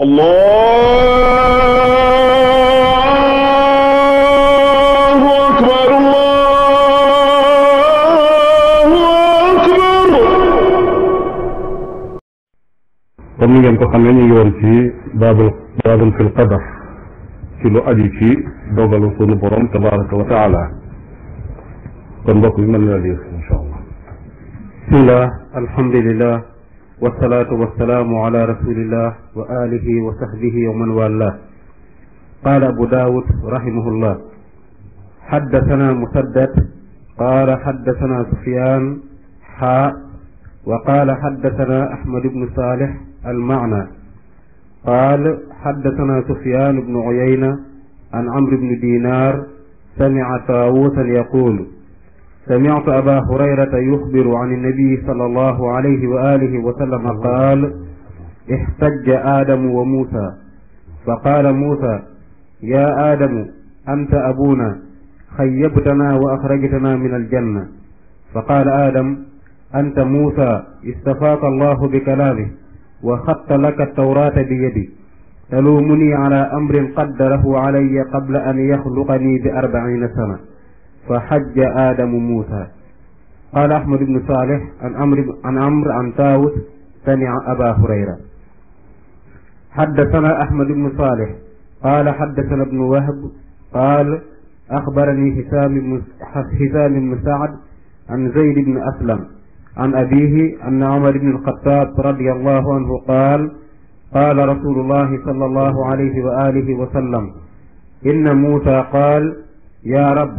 الله أكبر الله أكبر طبعا تخمني يوم في باب باب في القدر في لو أدي في دوغ الوصول برم تبارك وتعالى كن بكم من الذي إن شاء الله بسم الله الحمد لله والصلاة والسلام على رسول الله وآله وصحبه ومن والاه قال أبو داود رحمه الله حدثنا مسدد قال حدثنا سفيان حاء وقال حدثنا أحمد بن صالح المعنى قال حدثنا سفيان بن عيينة عن عمرو بن دينار سمع طاووسا يقول سمعت أبا هريرة يخبر عن النبي صلى الله عليه وآله وسلم قال احتج آدم وموسى فقال موسى يا آدم أنت أبونا خيبتنا وأخرجتنا من الجنة فقال آدم أنت موسى استفاق الله بكلامه وخط لك التوراة بيدي تلومني على أمر قدره علي قبل أن يخلقني بأربعين سنة فحج آدم موسى قال أحمد بن صالح عن أمر عن أمر عن تاوس سمع أبا هريرة حدثنا أحمد بن صالح قال حدثنا ابن وهب قال أخبرني هشام بن هشام بن سعد عن زيد بن أسلم عن أبيه أن عمر بن الخطاب رضي الله عنه قال قال رسول الله صلى الله عليه وآله وسلم إن موسى قال يا رب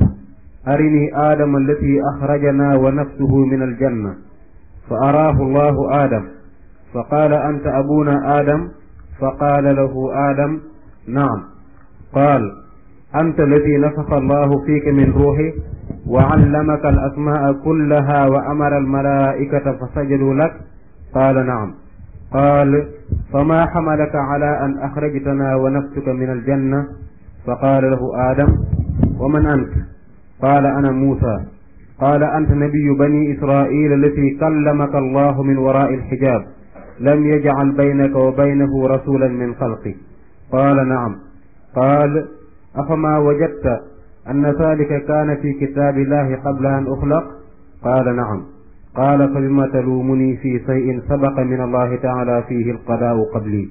أرني آدم التي أخرجنا ونفسه من الجنة فأراه الله آدم فقال أنت أبونا آدم فقال له آدم نعم قال أنت الذي نفخ الله فيك من روحه وعلمك الأسماء كلها وأمر الملائكة فسجدوا لك قال نعم قال فما حملك على أن أخرجتنا ونفسك من الجنة فقال له آدم ومن أنت قال أنا موسى قال أنت نبي بني إسرائيل التي كلمك الله من وراء الحجاب لم يجعل بينك وبينه رسولا من خلقه قال نعم قال أفما وجدت أن ذلك كان في كتاب الله قبل أن أخلق قال نعم قال فبما تلومني في شيء سبق من الله تعالى فيه القضاء قبلي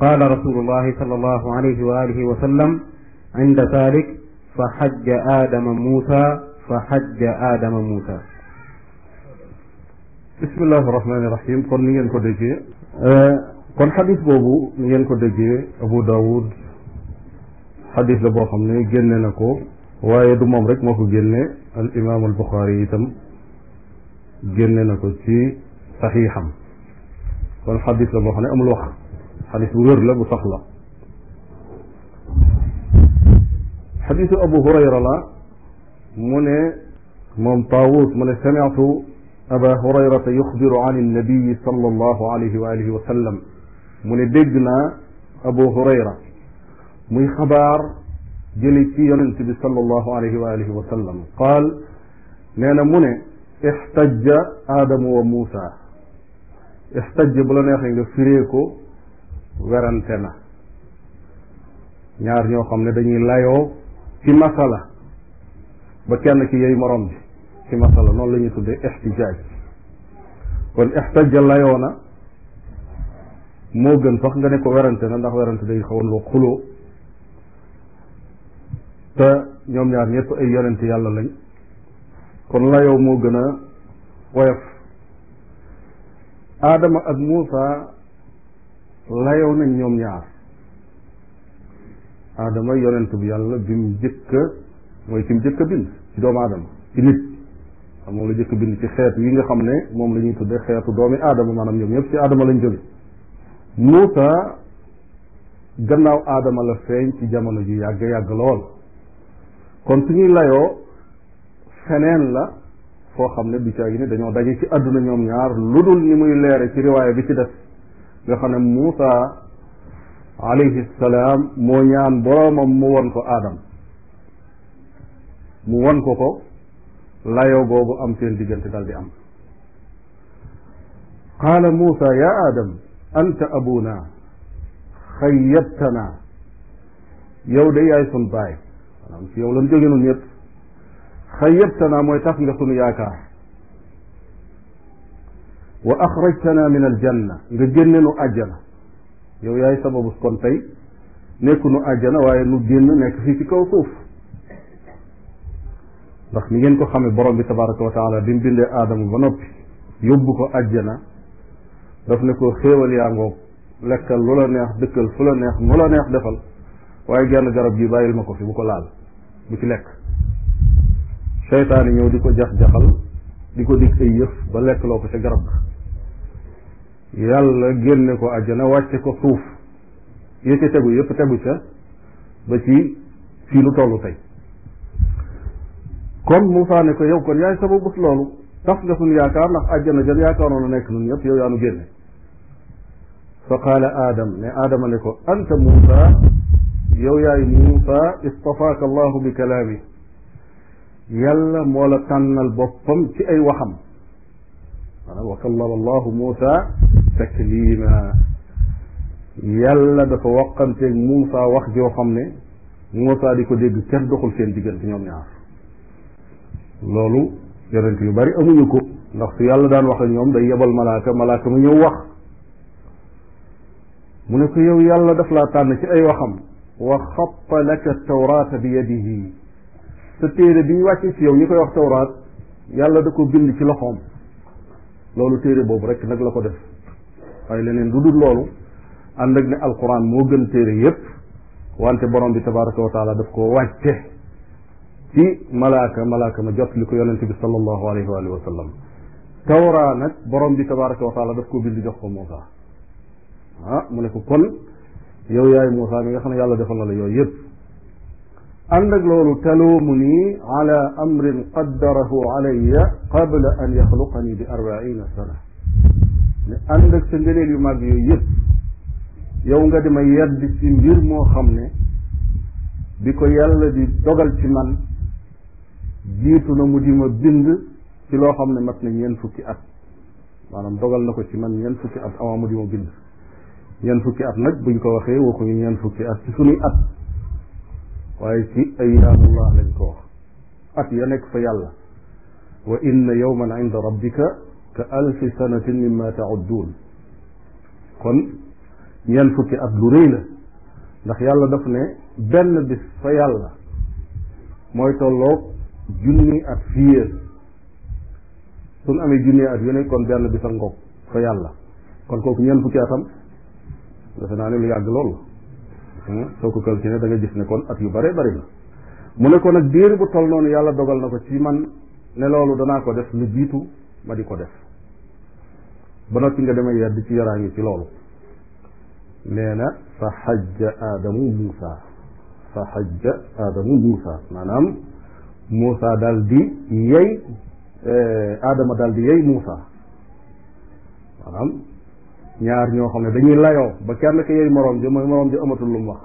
قال رسول الله صلى الله عليه وآله وسلم عند ذلك fa xajja aadama muusa fa xajja aadama muusa bismillahi rahmaani rahim kon ni ngeen ko déggee euh, kon xadis boobu ni ngeen ko déggee Abu Dawud xadis la boo xam ne génne na ko waaye du moom rek moo ko génne al imaam al Buxaari itam génne na ko ci saxiixam kon xadis la boo xam ne amul wax xadis bu wér la bu sax la حديث أبو هريرة لا من من طاووس من سمعت أبا هريرة يخبر عن النبي صلى الله عليه وآله وسلم من دقنا أبو هريرة من خبر جلتي النبي صلى الله عليه وآله وسلم قال نانا من احتج آدم وموسى احتج بلنا خير فريكو ورنتنا ñaar ñoo xam ne dañuy layoo ci masala ba kenn ki yooyu morom bi ci masala noonu la ñuy tuddee ixtijaaj kon ixtaja layoo na moo gën sax nga ne ko werante na ndax werante day xawoon loo xuloo te ñoom ñaar ñëpp ay yonent yàlla lañ kon layoo moo gën a woyof aadama ak muusa layoo nañ ñoom ñaar aadama yonent bi yàlla bi mu jëkk mooy ki mu jëkk bind ci doomu aadama ci nit moom la jëkk a bind ci xeet yi nga xam ne moom la ñuy tuddee xeetu doomi aadama maanaam ñoom ñëpp ci aadama lañ jóge Muusa gannaaw aadama la feeñ ci jamono ju yàgg yàgg lool kon su ñuy layoo feneen la foo xam ne du caa gi ne dañoo daje ci àdduna ñoom ñaar lu dul ni muy leere ci riwaaya bi ci def nga xam ne Muusa alayhi salaam moo ñaan boroomam mu won ko aadam mu won ko ko layo boobu am seen diggante dal di am qaala muusa ya aadam anta abuna xayyabtana yow de yaay sun baay maanaam ci yow lan jóge nun ñëpp xayyabtana mooy tax nga sunu yaakaar wa axrajtana min aljanna nga génne nu àjjana yow yaay sababu kon tey nekku nu àjjana waaye nu génn nekk fii ci kaw suuf ndax ni ngeen ko xamee borom bi tabaraka wa taala bi mu bindee aadama ba noppi yóbbu ko àjjana daf ne ko xéewal yaa ngoog lekkal lu la neex dëkkal fu la neex mu la neex defal waaye genn garab gi bàyyil ma ko fi bu ko laal bu ci lekk seytaane ñëw di ko jax-jaxal di ko dig ay yëf ba lekk loo ko ca garab ga yàlla génne ko àjjana wàcce ko suuf yi ca tegu yépp tegu ca ba ci fii lu toll tey kon Moussa ne ko yow kon yaay sababu loolu tas nga suñu yaakaar ndax àjjana jan yaakaaroon a nekk ñun ñëpp yow yaa nu génne fa qaala aadam ne aadama ne ko anta Moussa yow yaay Moussa istafaaka allahu bi kalaami yàlla moo la tànnal boppam ci ay waxam maanaam wa kallama allahu Moussa taklima yàlla dafa waxanteeg Muusa wax joo xam ne Muusa di ko dégg kenn doxul seen diggante ñoom ñaar loolu yonent yu bari amuñu ko ndax su yàlla daan wax ak ñoom day yebal malaaka malaaka mu ñëw wax mu ne ko yow yàlla daf laa tànn ci ay waxam wa xappa laka tawraata bi yadihi sa téere bi ñu wàccee ci yow ñi koy yàlla da ko bind ci loxoom loolu téere boobu rek nag la ko def waaye leneen du dul loolu ànd ak ne alquran moo gën téere yépp wante borom bi tabaraka wa taala daf koo wàcce ci malaaka malaaka ma jot li ko yonente bi salallahu alayhi waalihi wa sallam tawra nag borom bi tabaraka wa taala daf koo bind jox ko Moussa ah mu ne ko kon yow yaay Moussa mi nga xam ne yàlla defal na la yooyu yépp ànd ak loolu taluumuni ala amrin qaddarahu alayya qabla an yaxluqani bi arbaina sana ne ànd ak sa ngëneel yu mag yooyu yëpp yow nga di ma yedd ci mbir moo xam ne bi ko yàlla di dogal ci man jiitu na mu di ma bind ci loo xam ne mat na ñeent fukki at maanaam dogal na ko ci man ñeent fukki at avant mu di ma bind ñeent fukki at nag buñ ko waxee waxuñu ñeent fukki at ci sunuy at waaye ci ayaamullah lañ ko wax at ya nekk fa yàlla wa inna yawman inda rabbika ka alfi sanatin mimma taudduun kon ñeent fukki at lu rëy la ndax yàlla daf ne benn bis fa yàlla mooy tolloog junni at fii yéen suñ amee junni at yu ne kon benn bis a ngoog fa yàlla kon kooku ñeent fukki atam defe naa ne lu yàgg loolu hmm? soo ko calculé da nga gis ne kon at yu bare bari la mu ne ko nag diir bu toll noonu yàlla dogal na ko ci man ne loolu danaa ko def lu jiitu ma di ko def ba noppi nga demay yedd ci yaraangi ci loolu nee na fa xajja aadamu muusa fa xajja aadamu muusa maanaam muusa daal di yey aadama eh, daal di yey muusa maanaam ñaar ñoo xam ne dañuy layoo ba kenn ka yey moroom ji mooy moroom ji amatul lu mu wax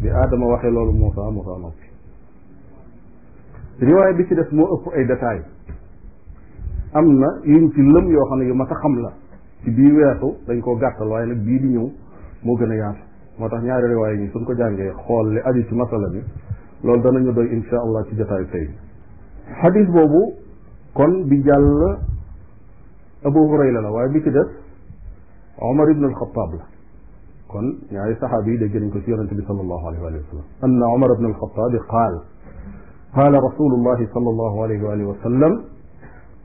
bi aadama waxee loolu muusa muusa noppi riwaaya bi ci def moo ëpp ay détails am na yuñ ci yoo xam ne yu mat a xam la bii weesu dañ koo gàttal waaye nag bii di ñëw moo gën a yaatu moo tax ñaari riwaay yi suñ ko jàngee xool li aju ci masala bi loolu danañu doy insha allah ci jotaayu tey xadis boobu kon bi jàll Abu Hurayra la waaye bi ci des Omar ibn al-Khattab la kon ñaari saxaaba yi dégg nañ ko ci yonente bi sallallahu alayhi wa sallam anna Omar ibn al-Khattab qaal qaala rasulullahi sallallahu alayhi wa sallam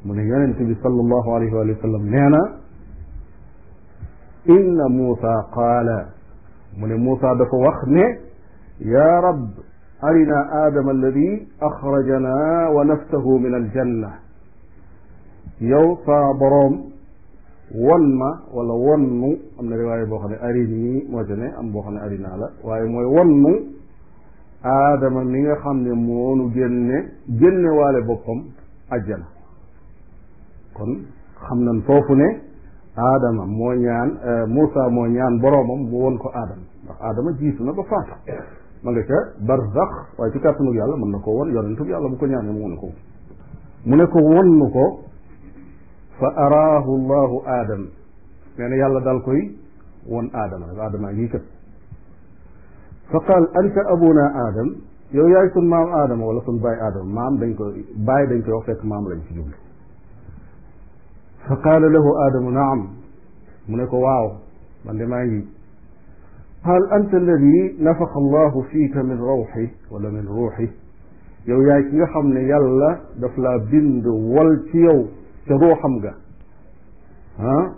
mu ne yonent bi sallallahu alayhi wa sallam nee na inna muusa qaala mu ne muusa dafa wax ne yaa rab arina aadama alladi axrajana wa nafsahu min aljanna yow saa boroom won ma wala wonnu am na riwaaye boo xam ne arini moo ca ne am boo xam ne arinaa la waaye mooy wonnu aadama mi nga xam ne moonu génne génne waale boppam ajjana kon xam nañ foofu ne aadama moo ñaan euh, Moussa moo ñaan boroomam mu won ko aadama ndax aadama jiitu na ba faatu ma nga ca barzax waaye ci kàttanug yàlla mën na ko won yonentub yàlla bu ko ñaanee mu won ko mu ne ko won ko fa araahu llahu aadama nee na yàlla daal koy won aadama nag aadama ngi kat fa qaal anta abuna aadam yow yaay maam aadama wala sun baay aadama maam dañ koy baay dañ koy wax fekk maam lañ ci فقال له آدم نعم منك واو من دماغي قال أنت الذي نفخ الله فيك من روحي ولا من روحي يو ياك يحم يلا دفلا بند والتيو تروحم جا. ها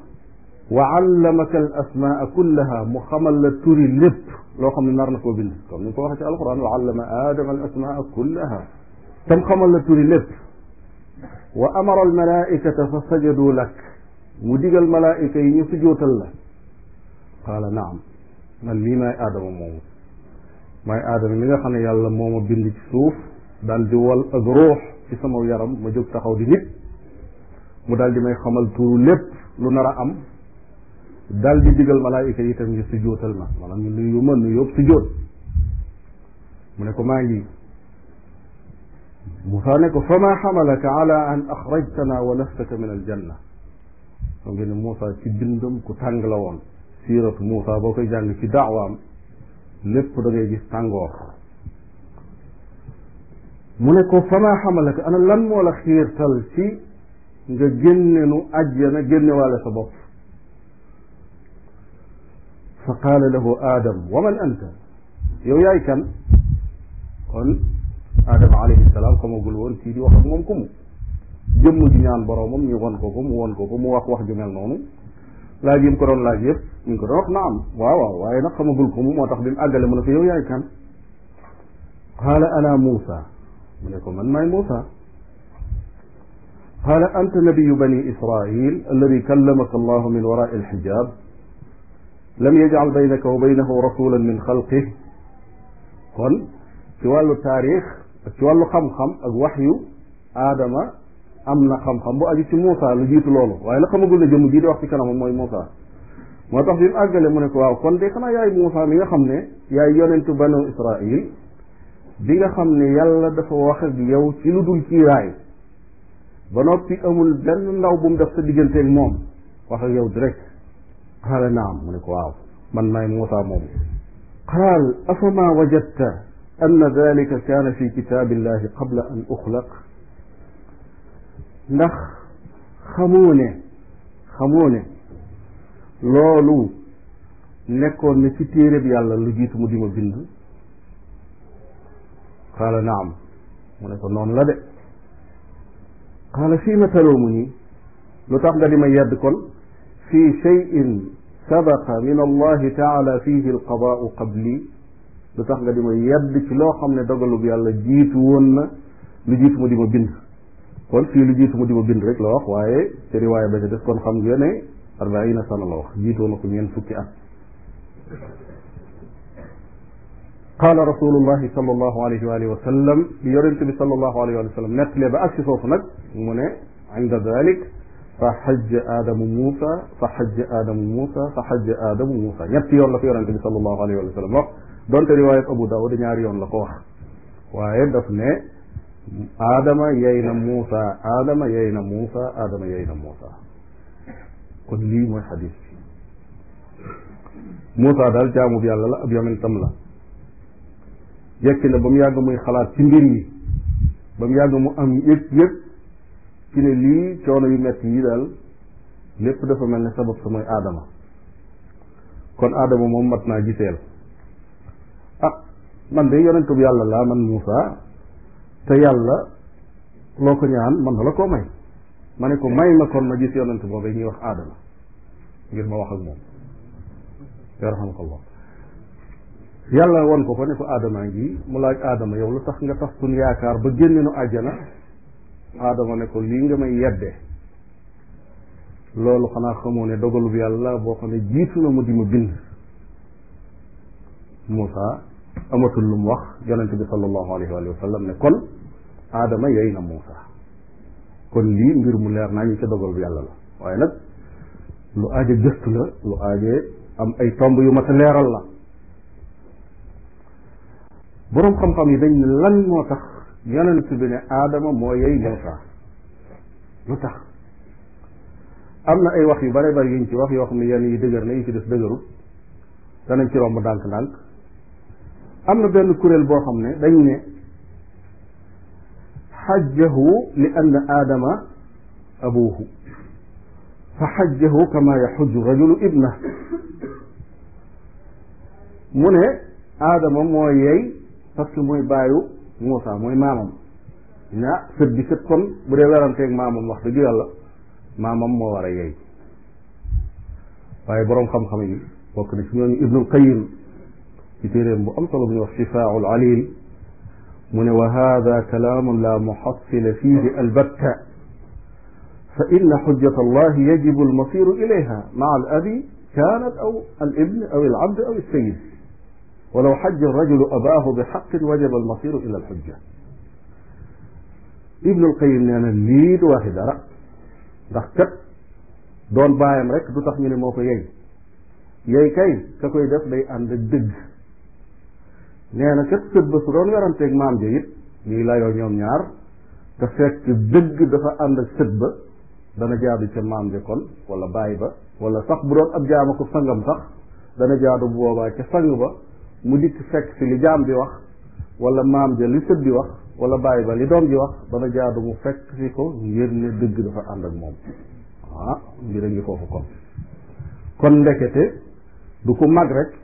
وعلمك الأسماء كلها محمل توري لب لو خم النار نكو بند كم القرآن وعلم آدم الأسماء كلها تم خمل توري لب وأمر الملائكة فسجدوا لك مدق الملائكة يسجوت الله قال نعم من لي ما آدم مومو ما آدم من خان يالله مومو بندك سوف دال دول أذروح اسمه يرم مجوب تخو دي نب مدال دي ما يخمل طول لب لنرا أم دال دي دقل ملائكة يتم يسجوت الله ملان يومن يوب سجوت منكو ما يجي Moussa ne ko fa maa xamalaka ala an axrajtana wa nafsaka min aljanna xam ngeen ne Moussa ci bindam ku tàng la woon siiratu Moussa boo koy jàng ci daawaam lépp da ngay gis tàngoor mu ne ko fa maa xamalaka ana lan moo la xiirtal ci nga génne nu ajjana génne waale sa bopp fa qaala lahu Adam wa man anta yow yaay kan kon آدم عليه السلام كما يقولون تيدي وقت ممكم جم جنان برامم يغن كوكم وغن كوكم واخ واخ جمال نونو لاجي مكرون لاجي مكرون نعم واو واو واي نقا مقول كومو ما تخدم أجل من فيو يعني كان قال أنا موسى من يكون من ماي موسى قال أنت نبي بني إسرائيل الذي كلمك الله من وراء الحجاب لم يجعل بينك وبينه رسولا من خلقه قل سوال التاريخ ci wàllu xam-xam ak waxyu aadama am na xam-xam bu aju ci Muusa lu jiitu loolu waaye nag xamagul ne jëmm jii di wax ci kanamam mooy Muusa moo tax bi mu àggale mu ne ko waaw kon de xanaa yaay Muusa mi nga xam ne yaay yonentu banu Israil bi nga xam ne yàlla dafa wax ak yow ci lu dul kiiraay ba noppi amul benn ndaw bu mu def sa digganteeg moom wax ak yow direct xaala naam mu ne ko waaw man maay Muusa moom qaal afama wajadta أن ذلك كان في كتاب الله قبل أن أخلق نخ خمونة خمونة لولو نكون الله اللي جيت مديم بند قال نعم ونكون نون لدي قال فيما تلومني لو لتعب لما يدكن في شيء سبق من الله تعالى فيه القضاء قبلي lu tax nga di ma yedd ci loo xam ne dogalub yàlla jiitu woon na lu jiitu ma di ma bind kon fii lu jiitu ma di ma bind rek la wax waaye ci riwaaya ba ca des kon xam nga ne arbaina sana la wax jiitoo na ko ñeen fukki at قال رسول الله صلى الله عليه وآله وسلم يرنت صلى الله عليه وآله وسلم نتلي بأكس صوفنا من عند ذلك فحج آدم موسى فحج آدم موسى فحج آدم موسى نتلي يرنت صلى الله عليه وآله وسلم donte riwaayat Abu Dawud ñaari yoon la ko wax waaye daf ne Adama yey na Muusa Adama yey na Muusa Adama yey na Muusa kon lii mooy xadis Muusa daal jaamu bi yàlla la ab yonentam la yekki na ba mu yàgg muy xalaat ci mbir yi ba mu yàgg mu am yëg yëg ci ne lii coono yu metti yi daal lépp dafa mel ni sabab sa mooy Adama kon Adama moom mat naa giseel man de yonentub yàlla laa man Moussa te yàlla loo ko ñaan man na la koo may ma ne ko may ma kon ma gis yonent boobu ñuy wax aadama ngir ma wax ak moom yarhamukallah yàlla won ko ko ne ko aadama ngi mu laaj aadama yow lu tax nga tax suñ yaakaar ba génne nu àjjana aadama ne ko lii nga may yedde loolu xanaa xamoo ne dogalub yàlla boo xam ne jiitu na mu di ma bind Moussa amatul lu mu wax yonente bi sallallahu alayhi wa sallam kon aadama yey na Muusa kon lii mbir mu leer naa ñu ca dogal bu yàlla la waaye nag lu aaje gëstu la lu aaje am ay tomb yu ma a leeral la boroom xam yi dañ ne lan moo tax yonent bi ne aadama moo yey Muusa lu tax am na ay wax yu bare bari yuñ ci wax yoo xam ne yenn yi dëgër na yi ci des dëgërut danañ ci romb ndànk-ndànk am na benn kuréel boo xam ne dañu ne xajjahu li anna aadama abuuhu fa xajjahu kama yaxujju rajulu ibna mu ne aadama mooy yey parce que mooy baayu Muusa mooy maamam na sët bi sët kon bu dee weranteeg maamam wax dëgg yàlla maamam moo war a yey waaye boroom xam-xam yi bokk na ci ñooñu Ibnul Qayyim كتيرين بأمطلب وشفاع العليل من وهذا كلام لا محصل فيه البتة فإن حجة الله يجب المصير إليها مع الأبي كانت أو الابن أو العبد أو السيد ولو حج الرجل أباه بحق وجب المصير إلى الحجة ابن القيم لأن الليد واحد رأى دكتر دون بايم رك دو تخميني موفي يي يي كي كي كوي دف دي nee na kat sët ba su doon weranteeg maam ja it ñuy layoo ñoom ñaar te fekk dëgg dafa ànd ak sët ba dana jaadu ca maam ja kon wala baay ba wala sax bu doon ak jaama ko sangam sax dana jaadu bu boobaa ca sang ba mu dikk fekk si li jaam bi wax wala maam ja li sët bi wax wala baay ba li doom ji wax dana jaadu mu fekk si ko ngir ne dëgg dafa ànd ak moom ah mbir a ngi foofu kon kon ndekete du ko mag rek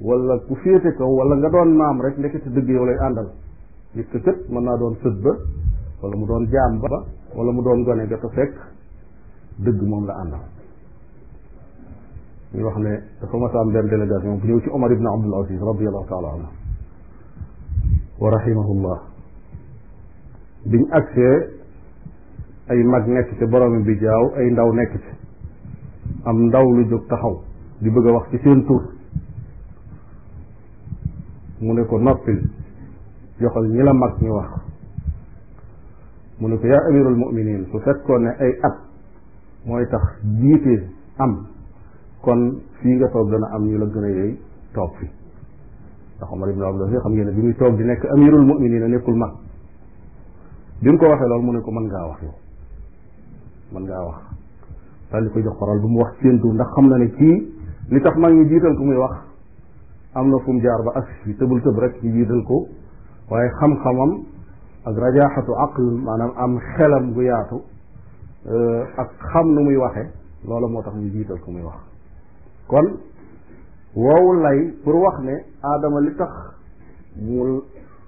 wala ku féete kaw wala nga doon maam rek ndekete dëgg yow lay àndal nit ki kët mën naa doon sët ba wala mu doon jaam ba wala mu doon gone ga te dëgg moom la àndal ñu wax ne dafa masaam benn délégation bu ñëw ci Omar ibn Abdul Aziz radiallahu taala anhu wa rahimahullah ay mag nekk ci boromi bi jaaw ay ndaw nekk am ndaw lu jóg taxaw di bëgg wax ci seen tur mu ne ko noppil joxal ñi la mag ñu wax mu ne ko yaa amirul muminin su fekkoon ne ay at mooy tax jiite am kon fii nga toog dana am ñu la gën a yey toog fi ndax Omar ibn Abdul Aziz xam ngeen ne bi muy toog di nekk amirul muminin a nekkul mag bi ko waxe lool mu ne ko mën ngaa wax yow mën ngaa wax daal di ko jox parole bu mu wax séentu ndax xam na ne kii li tax mag ñi jiital ko muy wax am na fu jaar ba ak fi tëbul tëb rek ci jiital ko waaye xam-xamam ak rajaaxatu aql maanaam am xelam gu yaatu euh, ak xam nu muy waxe loola moo tax ñu jiital ko muy wax kon woowu lay pour wax ne aadama li tax mu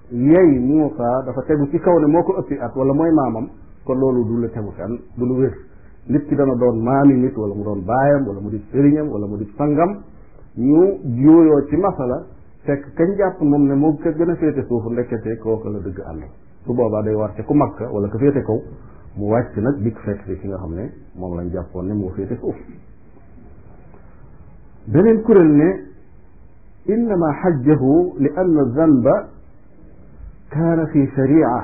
yey Muusa dafa tegu ci kaw ne moo ko ëppi at wala mooy maamam kon loolu du la tegu fenn du lu nit ki dana doon maami nit wala mu doon baayam wala mu di sëriñam wala mu di sangam ñu juyoo ci masala fekk kañ jàpp moom ne moo ka gën a féete suuf ndekkete kooka la dëgg ànd su boobaa day war ca ku mag wala ka féete kaw mu wàcc nag dikk fekk fi ki nga xam ne moom lañ jàppoon ne moo féete suuf beneen kuréel ne إنما حجه لأن الذنب كان في شريعة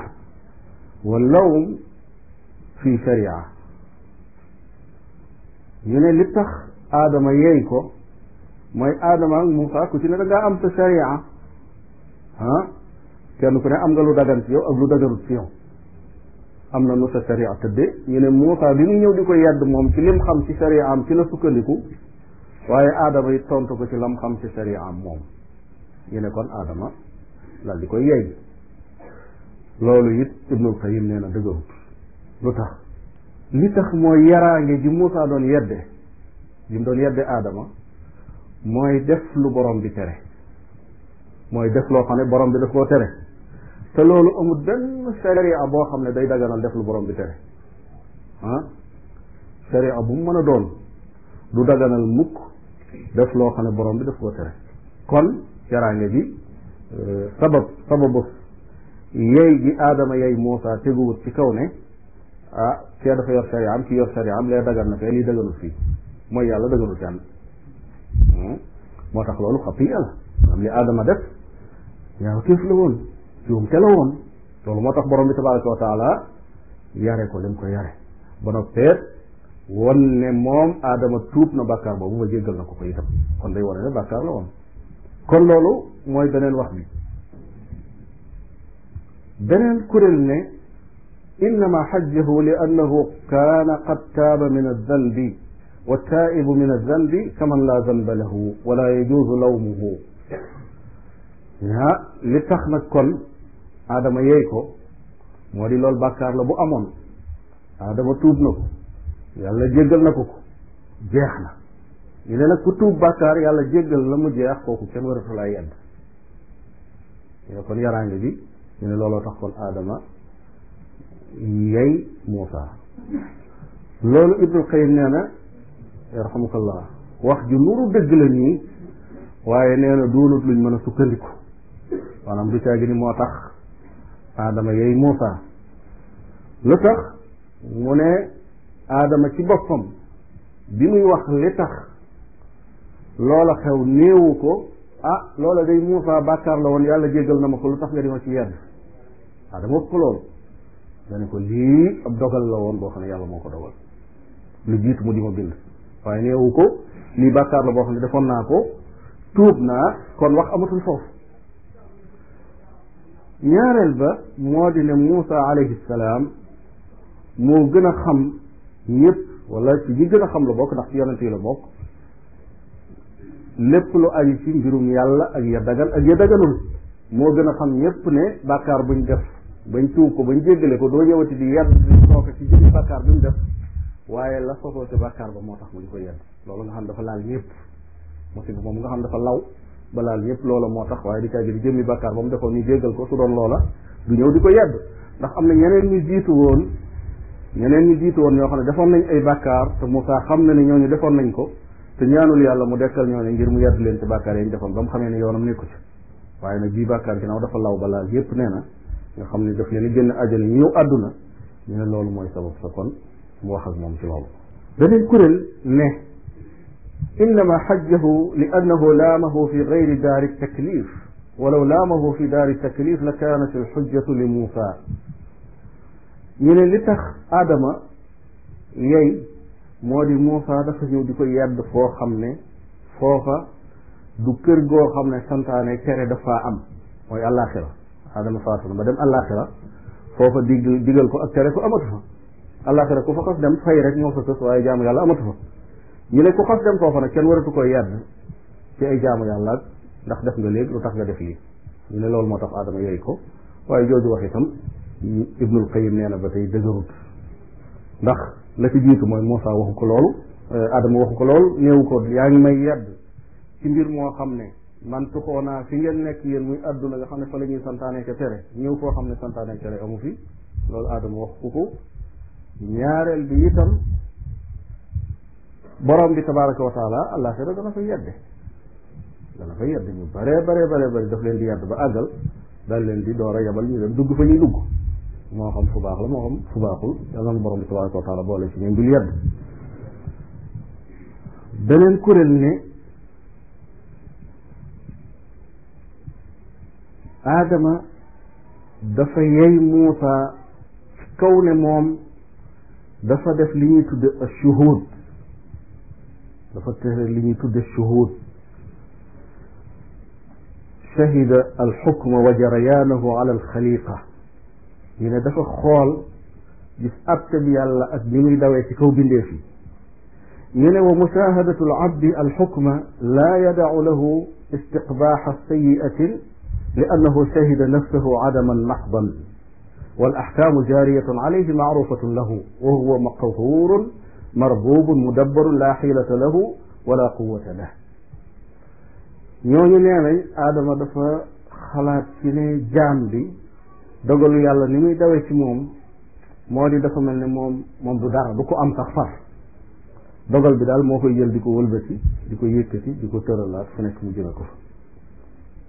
واللوم في شريعة ñu ne li tax aadama yeey ko mooy Adama ak Moussa ku ci ne da ngaa am sa sharia ah kenn ku ne am nga lu dagan ci yow ak lu daganut ci yow am na nu sa sharia tëddee ñu ne Moussa bi mu ñëw di ko yedd moom ci lim xam ci sharia am ci la sukkandiku waaye Adama it tontu ko ci lam xam ci sharia am moom ñu ne kon Adama daal di koy yey loolu it Ibnul Qayyim nee na dëgërut lu tax li tax mooy yaraange ji Moussa doon yedde ji mu doon yedde Adama mooy def lu borom bi tere mooy def loo xam ne borom bi daf koo tere te loolu amul benn sharia boo xam ne day daganal def lu borom bi tere ah sharia bu mu mën a doon du daganal mukk def loo xam ne borom bi daf koo tere kon yaraange gi euh, sabab sababu yey gi aadama yey Muusa teguwut ci kaw ne ah kee dafa yor sharia am ci yor sharia am lee dagan na fee lii daganul fii mooy yàlla daganul fenn Hmm? moo tax loolu xatiya la maanaam li aadama def yaa kéef la woon juumte la woon loolu moo tax borom bi tabaraka wa taala yare ko lim ko yare ba noppeet won ne moom aadama tuub na bàkkaar boobu ba jéggal na ko ko itam kon day wane ne bàkkaar la woon kon loolu mooy beneen wax bi beneen kuréel ne innama xajjahu li annahu kaana qad taaba min ad-danbi wa taaibu min azanbi kaman laa zanba lahu wala yajuuzu lawmuhu li tax nag kon aadama yeey ko moo di loolu bàkkaar la bu amoon aadama tuub na ko yàlla jéggal na ko ko jeex na ñu ne nag ku tuub bàkkaar yàlla jéggal la mu jeex kooku kenn waratu laa yedd ñu ne kon yaraange bi ñu ne looloo tax kon aadama yey Muusa loolu Ibnul Qayyim nee na yarhamukallah wax ju nuru dëgg nii waaye nee na doonut luñ mën a sukkandiku maanaam du caagi ni moo tax aadama yey Muusa lu tax mu ne aadama ci boppam bi muy wax li tax loola xew néewu ko ah loola day Muusa bàkkaar la woon yàlla jéggal na ma ko lu tax nga di ma ci yedd aadama ëpp ko loolu dane ko lii ab dogal la woon boo ne yàlla moo ko dogal lu jiitu mu di ma bind waaye neewu ko lii bàkkaar la boo xam ne defoon naa ko tuub naa kon wax amatul foofu ñaareel ba moo di ne Muusa alayhi salaam moo gën a xam ñëpp wala ci ñi gën a xam la bokk ndax ci yonent la bokk lépp lu aju ci mbirum yàlla ak ya dagal ak ya daganul moo gën a xam ñëpp ne bàkkaar buñ def bañ tuub ko ñu jéggale ko doo ñëwati di yedd kooka ci jëmi bàkkaar bi def waaye la sosoo ci bàkkaar ba moo tax mu di ko yedd loolu nga xam dafa laal ñëpp musiba moom nga xam dafa law ba laal ñëpp loola moo tax waaye di caa jël jëmmi bàkkaar ba mu defoon ñu jéggal ko su doon loola du ko yedd ndax am na ñu jiitu woon ñeneen ñu jiitu woon ñoo xam ne defoon nañ ay bàkkaar te Moussa xam na ne ñooñu defoon nañ ko te ñaanul yàlla mu dekkal ñooñu ngir mu yedd leen ci bàkkaar yañ defoon ba mu xamee ne yoonam nekku ci waaye nag bii bàkkaar ginnaaw dafa law ba laal yëpp nee na nga xam ne daf leen génn àjjana ñu ñëw àdduna ñu ne loolu mooy sabab sa kon mu wax ak moom ci loolu beneen kuréel ne innama xajjahu li annahu laamahu fi gayri daari taklif walaw laamahu fi daari taklif la kaanat alxujjatu li muusa ñu ne li tax aadama yey moo di muusa dafa ñëw di ko yedd foo xam ne foofa du kër goo xam ne santaane tere dafa am mooy àllaaxira aadama faatu na ba dem àllaaxira foofa digal digal ko ak tere ko amatu fa àllaaxira ku fa xas dem fay rek moo fa sës waaye jaamu yàlla amatu fa ñu ne ku xas dem foofa nag kenn waratu koy yedd ci ay jaamu yàlla ak ndax def nga léegi lu tax nga def lii ñu ne loolu moo tax aadama yooyu ko waaye jooju wax itam ibnul qayim nee na ba tey dëgërut ndax la ci jiitu mooy Moussa waxu ko loolu euh, Adama waxu ko loolu néewu ko yaa ngi may yedd ci mbir moo xam ne man tuxoonaa fi ngeen nekk yéen muy àdduna nga xam ne fa la ñuy santaane ca tere xam ne santaane ca fi loolu Adama ko ñaareel bi itam borom bi tabaraka wa taala àllaaxira dana fa yedde dana fa yedd ñu bare bare bare bare daf leen di yedd ba àggal dal leen di door a yabal ñu dem dugg fa ñuy dugg moo xam fu baax la moo xam fu baaxul yàlla na borom bi tabaraka wa taala boole ci ñoom dul yedd beneen kuréel ne aadama dafa yey muusa ci kaw ne moom dafa def لي ñuy الشهود shuhud dafa لي li الشهود شهد الحكم وجريانه على الخليقة هنا دفع خال جس أبتب على أدمي دوي تكو بالليفي هنا ومشاهدة العبد الحكم لا يدع له استقباح السيئة لأنه شهد نفسه عدما محضا wal ahkaamu jaariyatun alayhi maarufatun lahu wa huwa maqhuurun marbubun mudabbarun laa xiilata lahu wala quwata lah ñooñu nee nañ aadama dafa xalaat ci ne jaam bi dogalu yàlla ni muy dawee ci moom moo di dafa mel ne moom moom du dara du ko am sax far dogal bi daal moo koy jël di ko wëlbati di ko yëkkati di ko tëralaat fu nekk mu jële ko fa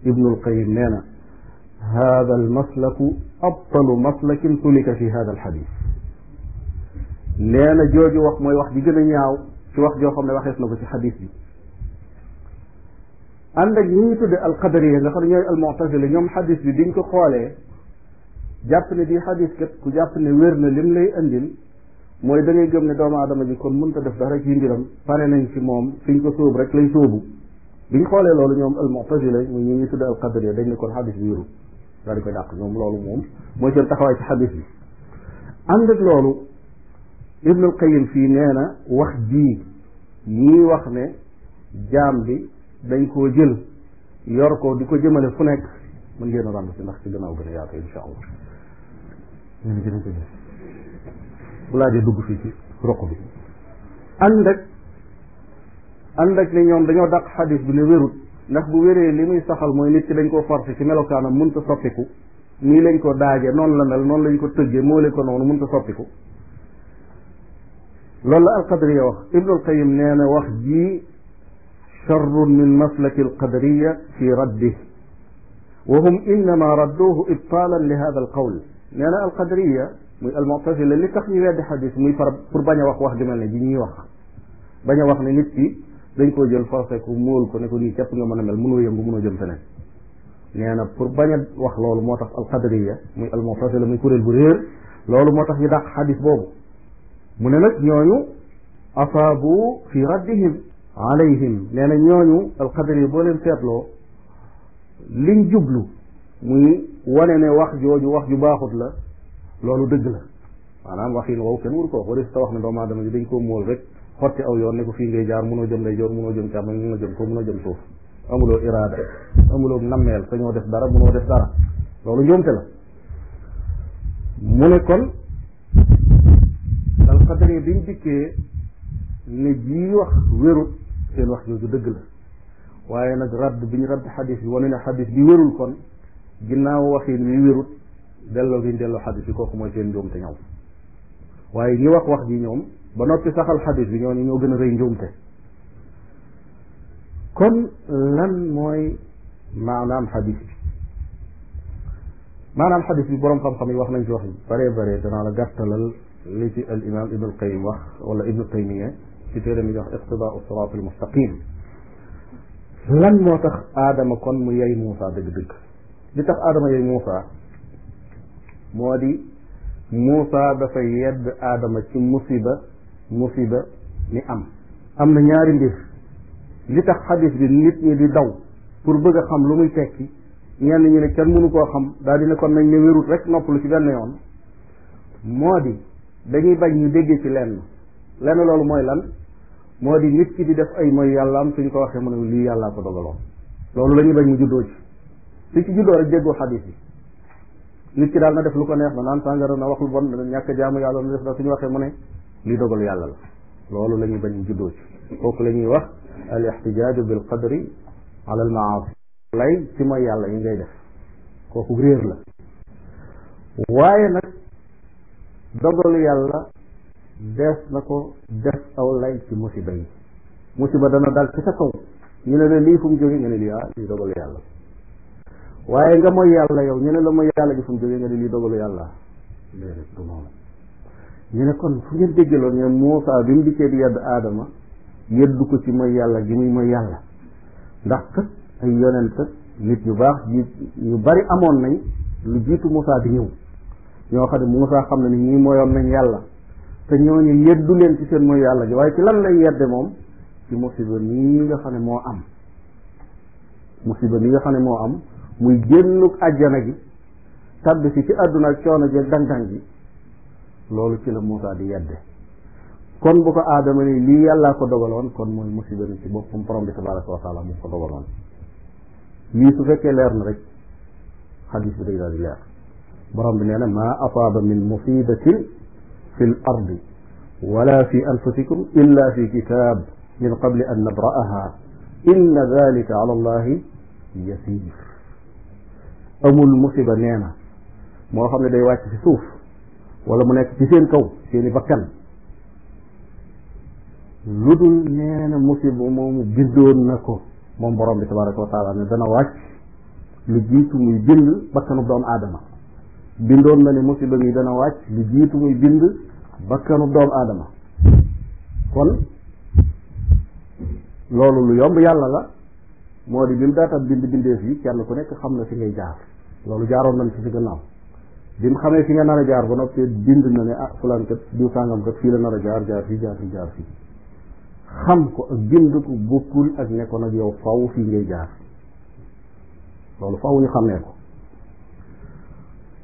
ibnul qayim nee na هذا المسلك أبطل مسلك تلك في هذا الحديث لأن جوجو وقت موي وقت جدا نياو شو وقت جوجو موي وقت في حديثي عندك نيت القدرية نخل نيو المعتزل نيوم حديث دي دينك قوالي جابني دي حديث كت كجابني ويرن لم لي أندل موي دا ngay gëm ne doomu adama ji kon munta def dara ci ngiram paré nañ ci moom fiñ ko soob rek lay soobu biñ xoolee loolu ñoom al mu'tazila ñu ñi tudd al qadariya dañ ne kon hadith bi yuru daal di koy dàq ñoom loolu moom mooy seen taxawaay ci xadis bi ànd ak loolu ibnul qayim fii nee na wax jii ñii wax ne jaam bi dañ koo jël yor ko di ko jëmale fu nekk mën ngeen a rànd si ndax ci gannaaw gën a yaatu insha allah ñun bu dugg fii ci bi ànd ak ànd ak ne ñoom dañoo dàq xadis bi ne wérut ndax bu wéree li muy saxal mooy nit ki dañ koo forcé ci melokaanam munta soppiku nii lañ ko daaje noonu la mel noonu lañ ko tëggee moole ko noonu munta soppiku loolu la alqadriya wax ibnu alqayim nee na wax jii charrun min maslaki alqadriya fi raddih wa hum innama radduuhu ibtaalan li hada alqawl nee na alqadriya muy almutasila li tax ñu weddi xadis muy par pour bañ a wax wax ju mel ne ji ñuy wax bañ a wax ne nit ki dañ ko jël forcé ko móol ko ne ko ni cëpp nga mën a mel mënoo yëngu mënoo jëm feneen nee na pour bañ a wax loolu moo tax alqadariya muy al almutazila muy kuréel bu réer loolu moo tax ñu dàq xadis boobu mu ne nag ñooñu asaabu fi raddihim alayhim nee na ñooñu alqadariya boo leen seetloo liñ jublu muy wane ne wax jooju wax ju baaxut la loolu dëgg la maanaam waxin wow kenn wul ko wax warisi ta wax ne doomu aadama ñi dañ koo móol rek xotti aw yoon ne ko fii ngay jaar munoo jëm ndeyjoor munoo jëm càmmoñ munoo jëm ko munoo jëm suuf amuloo iraada amuloo nammeel sañoo def dara munoo def dara loolu njuumte la mu ne kon alxadari biñ dikkee ne jii wax wérut seen wax jooju dëgg la waaye nag radd bi ñu radd xadis bi wane ne xadis bi wérul kon ginnaaw waxin wi wérut delloo gi ñu delloo xadis bi kooku mooy seen njuumte ñoom waaye ñi wax wax ji ñoom ba noppi saxal xadis bi ñoo ni ñoo gën a rëy njuumte kon lan mooy maanaam xadis bi maanaam xadis bi borom xam-xam yi wax nañ ci wax bare bare danaa la gàttalal li ci al imam ibnu alqayim wax wala ibnu taymiya ci téere mi wax iqtidaau sirat al mustaqim lan moo tax aadama kon mu yey Muusa dëgg-dëgg li tax aadama yey Muusa moo di Muusa dafa yedd aadama ci musiba musiba mi am am na ñaari mbir li tax xadis bi nit ñi di daw pour bëgg a xam lu muy tekki ñenn ñi ne kenn mënu koo xam daal dina nañ ne wérut rek noppalu ci benn yoon moo di dañuy bañ ñu déggee ci lenn lenn loolu mooy lan moo di nit ki di def ay mooy yàllaam suñ ko waxee mu ne lii yàllaa ko dogaloon loolu la ñuy bañ mu juddoo ci su ci juddoo rek déggoo xadis yi nit ki daal na def lu ko neex na naan sàngara na wax lu bon na ñàkk jaamu yàlla na na waxee mu ne li dogal yàlla la loolu la ñuy bañ juddoo ci la ñuy wax al ixtijaaju bil qadri ala al maasi lay ci mooy yàlla yi ngay def kooku réer la waaye nag dogalu yàlla dees na ko def aw lay ci musiba yi musiba dana dal ci sa kaw ñu ne la lii fu mu nga ne lii ah lii dogalu yàlla waaye nga mooy yàlla yow ñu ne la mooy yàlla gi fu mu jógee nga ne lii dogalu yàlla ñu ne kon fu ngeen dégg loolu ne Muusaa bi mu dikkee di yedd aadama yeddu ko ci mooy yàlla gi muy mooy yàlla ndax kat ay yonent nit ñu baax ñu bari amoon nañ lu jiitu Muusaa di ñëw ñoo xam ne Muusaa xam na ni ñii mooyoon nañ yàlla te ñooñu yeddu leen ci seen mooy yàlla gi waaye ci lan lay yedde moom ci musiba nii nga xam ne moo am musiba nii nga xam ne moo am muy génnuk àjjana gi tàbbi si ci àdduna ak coono jeeg dang-dang gi loolu ci la Moussa di yedde kon bu ko aadama ni lii yàllaa ko dogaloon kon mooy musiba mi ci boppam borom bi tabaraka wa taala mu ko dogaloon lii su fekkee leer na rek xadis bi day daal di leer borom bi nee na maa asaaba min musibatin fi l ardi wala fi anfusikum illa fi kitab min qabli an nabra'aha inna dalika ala allahi yasir amul musiba nee na moo xam ne day wàcc ci suuf wala mu nekk ci seen kaw seeni bakkan lu dul nee na musiba moomu bindoon na ko moom borom bi tabaraka wa taala ne dana wàcc lu jiitu muy bind bakkanu doomu aadama bindoon na ne musiba yi dana wàcc lu jiitu muy bind bakkanu doomu aadama kon loolu lu yomb yàlla la moo di bi mu daata bind bindeef yi kenn ku nekk xam na fi ngay jaar loolu jaaroon nañ ci si gannaaw bi mu xamee fi nga nar a jaar ba noppi bind na ne ah fulaan kat diw sàngam fii la nar a jaar jaar fii jaar fii jaar fii xam ko ak bind ko bokkul ak nekkoon ko nag yow faw fii ngay jaar loolu faw ñu xamee ko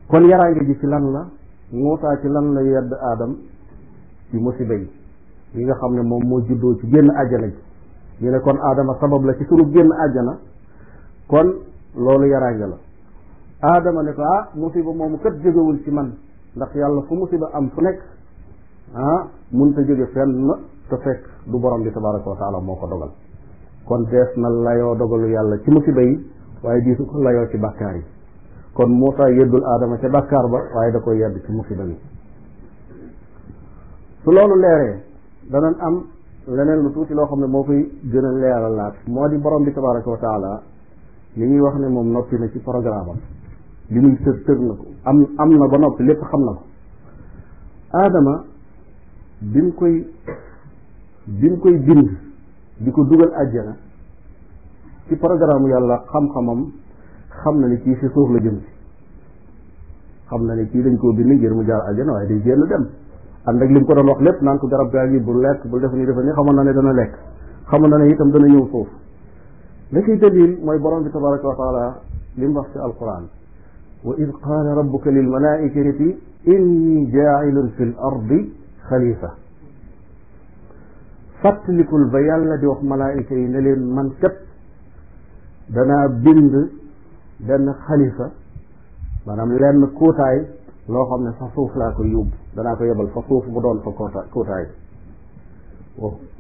kon yaraange ji ci lan la Muusaa ci lan la yedd aadam ci musiba yi yi nga xam ne moom moo juddoo ci génn àjjana ji ñu ne kon aadama sabab la ci sunu génn àjjana kon loolu yaraange la aadama ne ko ah musiba moomu kat jógewul ci man ndax yàlla fu musiba am fu nekk ah munta jóge fenn te fekk du borom bi tabaraka wa taala moo ko dogal kon dees na layoo dogalu yàlla ci musiba yi waaye diisu ko layoo ci bàkkaar yi kon Muusa yeddul aadama ca bàkkaar ba waaye da koy yedd ci musiba mi su loolu leeree danañ am leneen lu tuuti loo xam ne moo koy gën a leeralaat moo di borom bi tabaraka wa taala li ñuy wax ne moom noppi na ci programme am li muy tër tër na ko am am na ba noppi lépp xam na ko aadama bi mu koy bi mu koy bind di ko dugal àjjana ci programme yàlla xam-xamam xam na ni kii si suuf la jëm si xam na ni kii dañ koo bind ngir mu jaar àjjana waaye day génn dem ànd ak li mu ko doon wax lépp naan ko garab gaa ngi bu lekk bu def ni defe ni xamoon na ne dana lekk xamoon na ne itam dana ñëw suuf la ciy mooy borom bi tabaraka wa taala li mu wax ci alquran وإذ قال ربك للملائكة إني جاعل في الأرض خليفة fàttalikul ba yàlla di wax malaayika yi ne leen man kat danaa bind benn xalifa maanaam lenn kuutaay loo xam ne fa suuf laa ko yóbbu danaa ko yebal fa suuf mu doon fa kuutaay kuutaay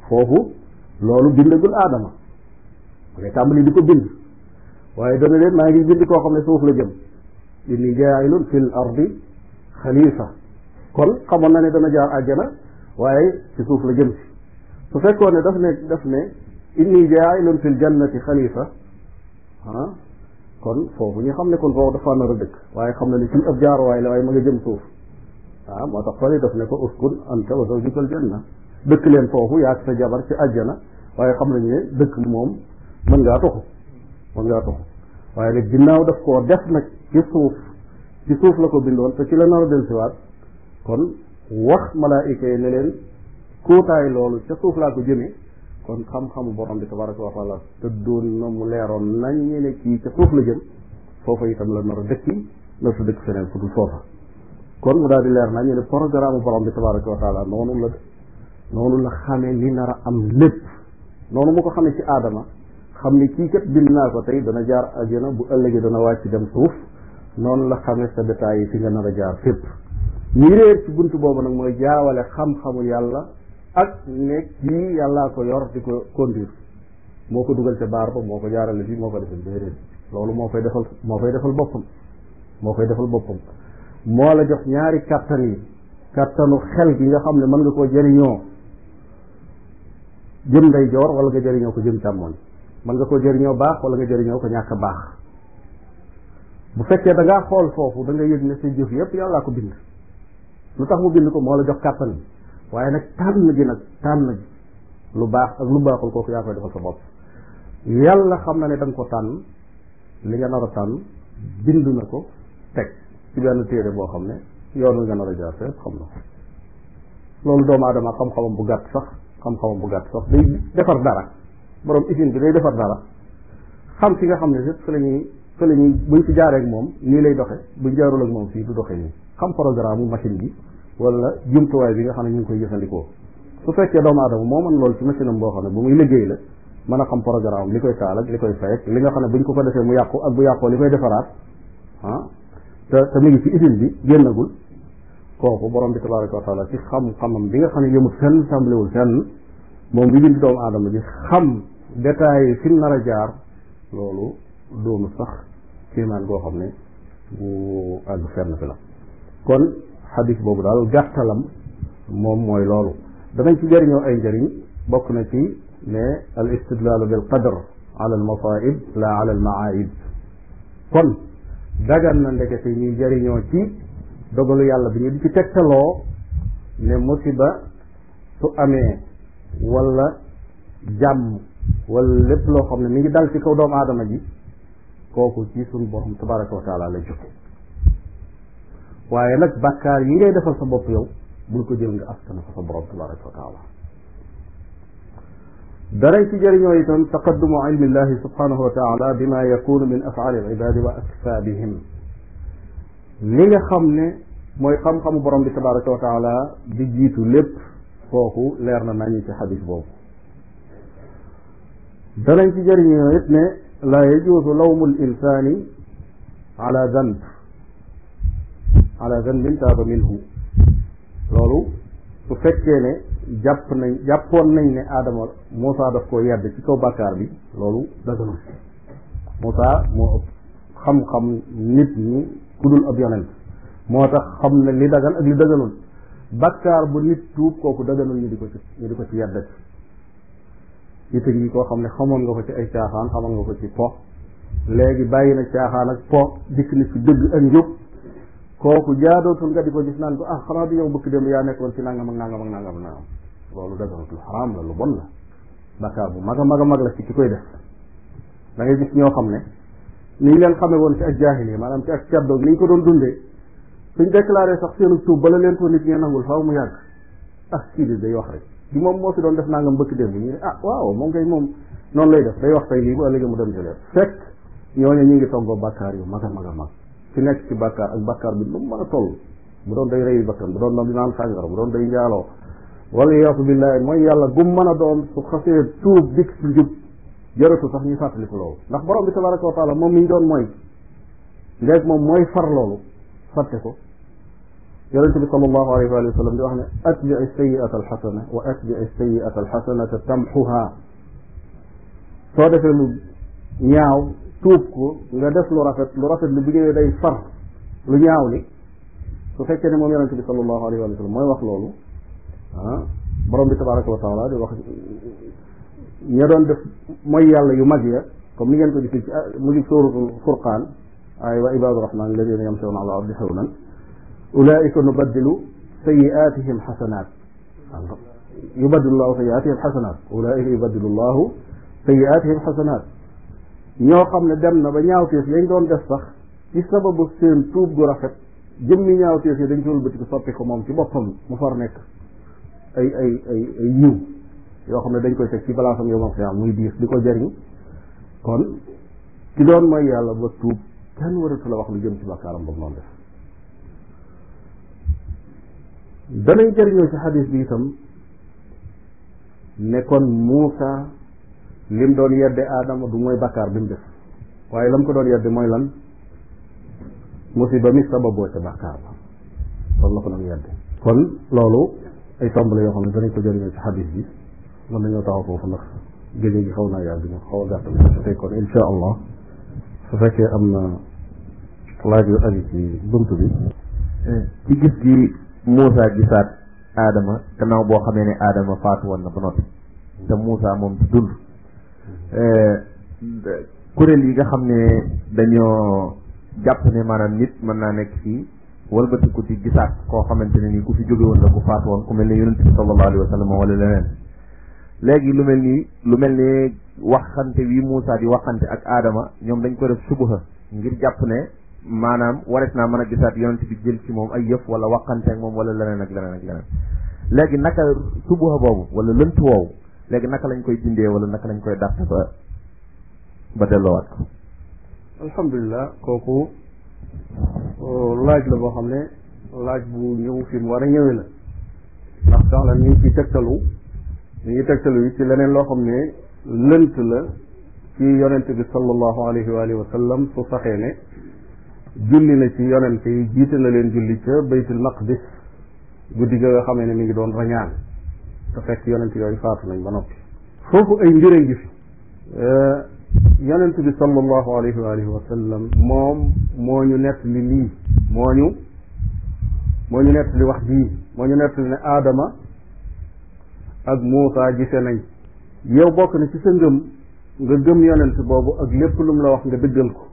foofu loolu bindagul aadama mu ne tàmbali di ko bind waaye dana leen maa ngi bind koo xam ne suuf la jëm إني جاعل في الأرض خليفة كون قبلنا نتنا جاء أجنا وأي تسوف لجمس ففكوا ندفن دفن إني جاعل في الجنة خليفة ها كون فوف ني خامني كون فوف دفا نار دك واي خامني لي سي افجار واي لا واي ماغي جيم سوف ها ما تقفلي دفن كو اسكن انت وزوجك الجنة دك لين فوف يا سا جبر سي اجنا واي خامني ني دك موم من غا توخو من غا توخو واي لي جيناو داف كو داف نك ci suuf ci suuf la ko bindoon te ci la nar a dellusiwaat kon wax malaayika yi ne leen kóotaay loolu ca suuf laa ko jëmee kon xam-xamu borom bi tabaraka wa taala tëddoon na mu leeroon nañ ñe ne kii ca suuf la jëm foofa itam la nar a dëkk nar sa dëkk feneen fu dul foofa kon mu daal di leer nañ ne programme borom bi tabaraka wa taala noonu la noonu la xamee li nar a am lépp noonu mu ko xamee ci aadama xam ne kii kat bind naa ko tey dana jaar ajjana bu ëllëgee dana wàcc dem suuf noonu la xamee sa détails yi fi nga nar a jaar fépp ñi réer ci bunt boobu nag mooy jaawale xam-xamu yàlla ak ne kii yàllaa ko yor di ko conduire moo ko dugal ca baar ba moo ko jaarale fii moo ko defal déedéet loolu moo koy defal moo koy defal boppam moo koy defal boppam moo la jox ñaari kàttan yi kàttanu xel gi nga xam ne mën nga koo jëriñoo jëm ndeyjoor wala nga jëriñoo ko jëm càmmoñ mën nga koo jëriñoo baax wala nga jëriñoo ko ñàkk a baax bu fekkee da ngaa xool foofu danga nga yëg ne say jëf yëpp yàllaa ko bind lu tax mu bind ko moo la jox kàttan waaye nag tànn nag tànn gi lu baax ak lu baaxul kooku yaa koy defal sa bopp yàlla xam na ne da nga ko tànn li nga nar a tànn bind na ko teg ci benn téere boo xam ne yoon wi nga nar a jaar fépp xam na ko loolu doomu aadama xam-xamam bu gàtt sax xam-xamam bu gàtt sax day defar dara borom usine bi day defar dara xam fi nga xam ne lépp fi fële ñu buñ fi jaaree ak moom nii lay doxe buñ jaarul ak moom fii du doxe nii xam programme machine bi wala jumtuwaay bi nga xam ne ñu ngi koy jëfandikoo su fekkee doomu aadama moo mën loolu boo xam ne bu muy liggéey la a xam li koy taal ak li koy fay ak li nga ne buñ ko ko defee mu yàqu ak bu yàqoo li koy defaraat ah, te te mu ngi ci usine bi génnagul kooku borom bi tabaraka wa taala ci xam-xamam bi nga xam ne yëmut fenn tàmbalewul fenn moom bi bind doomu aadama bi xam détails fi mu nar a jaar loolu doonu sax kéemaan goo xam ne bu àgg fenn fi la kon xadis boobu daal gàttalam moom mooy loolu danañ ci jëriñoo ay njëriñ bokk na ci ne al istidlaalu bil qadr ala al masaib la ala al maaib kon dagan na ndekete ñuy jëriñoo ci dogalu yàlla bi ñu di ci tegtaloo ne musiba su amee wala jàmm wala lépp loo xam ne mi ngi dal ci kaw doomu aadama ji kooku ci suñu borom tabaraka wa taala lay jóge waaye nag bàkkaar yi ngay defal sa bopp yow bul ko jël nga askana ko sa borom tabaraka wa taala daray ci jëriñoo itam taqaddumu ilmi llahi subhanahu wa taala bima yakunu min afaali alibadi wa aksaabihim li nga xam ne mooy xam-xamu borom bi tabaraka wa taala di jiitu lépp kooku leer na nañu ci xadis boobu danañ ci jëriñoo it ne laa yajuusu lawmu l insani ala zanb ala zanbin taaba minhu loolu su fekkee ne jàpp nañ jàppoon nañ ne aadama Moussa daf ko yedd ci kaw bàkkaar bi loolu daganul Moussa moo ëpp xam-xam nit ñi ku dul ab yonent moo tax xam na li dagan ak li daganul bàkkaar bu nit tuub kooku daganul ñu di ko ci ñu di ko ci yeddati nit a ngi koo xam ne xamoon nga ko ci ay caaxaan xamoon ko ci po léegi bàyyi na caaxaan ak po dikk na ci dëgg ak njub kooku jaadootul nga di ko gis naan ko ah xanaa du yow bëkk dem yaa nekkoon ci nangam ak nangam ak nangam nangam loolu daganut lu xaraam la lu bon la bakkaar bu mag a mag a mag la ci ki koy def da ngay gis ñoo xam ne ni ñu leen xamee woon ci ak jaahiliya maanaam ci ak caddoog ni ñu ko doon dundee suñ déclaré sax seenu tuub bala leen ko nit ñi nangul faaw mu yàgg ah kii di day wax rek bi moom moo fi doon def nangam bëkk démb ñu ne ah waaw moom kay moom noon lay def day wax tey lii bu ëllëgee mu dem di def fekk ñooñu ñu ngi toggoo bàkkaar yu mag a mag a mag ci nekk ci bàkkaar ak bàkkaar bi lu mu mën a toll bu doon day rëy bakkan bu doon doon di naan sàngara bu doon day njaaloo wala yaasu billaahi mooy yàlla gum man a doon su xasee tuub dikk si njub jaratu sax ñu fàttaliku loolu ndax boroom bi tabaraka wa taala moom mi ñu doon mooy ndeeg moom mooy far ko يقول النبي صلى الله عليه وآله وسلم دعونا أتبع السيئة الحسنة وأتبع السيئة الحسنة تمحها صادف نياو توبكو غدس لرفت لرفت لبجي يدي فر لنياو لي سوفيك نمو يقول النبي صلى الله عليه وآله وسلم ما يوخ لولو أه؟ برم بتبارك وتعالى دي وخ يدون دف ميال يمجي كم نيجن تجي في مجي سورة الفرقان أي أيوة، وعباد الرحمن الذين يمشون على الأرض حولا أولئك نبدل سيئاتهم حسنات يبدل الله سيئاتهم حسنات أولئك يبدل الله سيئاتهم حسنات نيوخم ندم نبنياو تيس لين دسخ بسبب السين توب غرافت جمي نياو تيس لين جول بتك صبتكم ممتي بطن مفرنك أي أي أي أي يو يوخم ندن كويسة كي بلاسم يوم السيام ويديس لكو جاري كون كدون ما يالا بطوب كان ورسل وقل جمتي بكارم بطن دسخ danañ jëriñoo ci xadis bi itam ne kon Muusa lim doon yedde Aadama du mooy bakkaar bi mu def waaye lam ko doon yedde mooy lan musiba mi sababoo ca bakkaar ba loolu la ko doon yedde kon loolu ay tomb la yoo xam ne danañ ko jëriñoo ci xadis bi mën nañoo taxaw foofu ndax génne gi xaw naa yàgg ñu xaw a gàttal tey kon insha allah su fekkee am na laaj yu aju ci bunt bi eh, ci gis gi Moussa gisaat Adama gannaaw boo xamee ne Adama faatu woon na ba noppi te Moussa moom di dund mm-hmm. eh, kuréel yi nga xam ne dañoo jàpp ne maanaam nit mën naa nekk fii walbatiku di gisaat koo xamante ne nii ku fi jóge woon la ku faatu woon ku mel ne yonent bi sallallahu alayhi wa leneen léegi lu mel nii lu mel ne waxante wi Moussa di waxante ak Adama ñoom dañ ko def subuha ngir jàpp ne maanaam warees naa mën a gisaat yonent bi moom ay yëf wala waxante moom wala leneen ak leneen leneen léegi naka subuha boobu wala lënt woowu léegi naka lañ koy dindee wala naka lañ koy dàq ba ba delloowaat ko kooku euh, laaj la xam ne laaj bu ñëw fi mu war a ñëwee la ndax ñu ngi ciy ñu ngi tegtalu yi ci leneen loo xam ne lënt la ci sallallahu alayhi wa alihi wa sallam julli na ci yonente yi jiite na leen julli ca baytul maqdis guddi ga nga xamee ne mi ngi doon rañaan te ci yonente yooyu faatu nañ ba noppi foofu ay mbir a ngi fi euh, yonent bi sallallahu alayhi wa alihi moom moo ñu nett li lii moo ñu moo ñu nett li wax bii moo ñu nett li ne aadama ak Muusa gise nañ yow bokk na ci sa ngëm nga gëm yonent boobu ak lépp lu mu la wax nga dëggal ko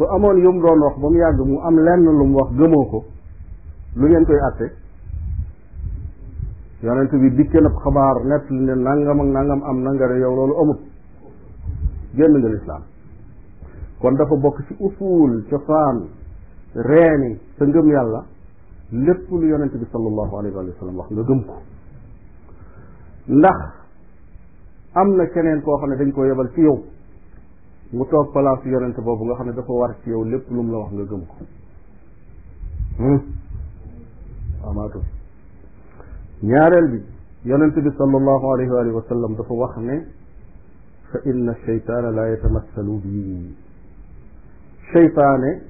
su amoon yum doon wax ba mu yàgg mu am lenn lu mu wax gëmoo ko lu ngeen koy atte yonent bi dikkee nag xabaar nett li nangam ak nangam am na nga ne yow loolu amut génn nga lislaam kon dafa bokk ci usul cosaan reeni sa ngëm yàlla lépp lu yonent bi sallallahu alayhi wa sallam wax nga gëm ko ndax am na keneen koo xam ne dañ koo yebal ci yow mu toog place yonent boobu nga xam ne dafa war ci yow lépp lu mu la wax nga gëm ko hmm? amaatu ñaareel bi yonent bi sallallahu alayhi waalihi dafa wax ne fa inna sheytaana la yatamassalu bi sheytaane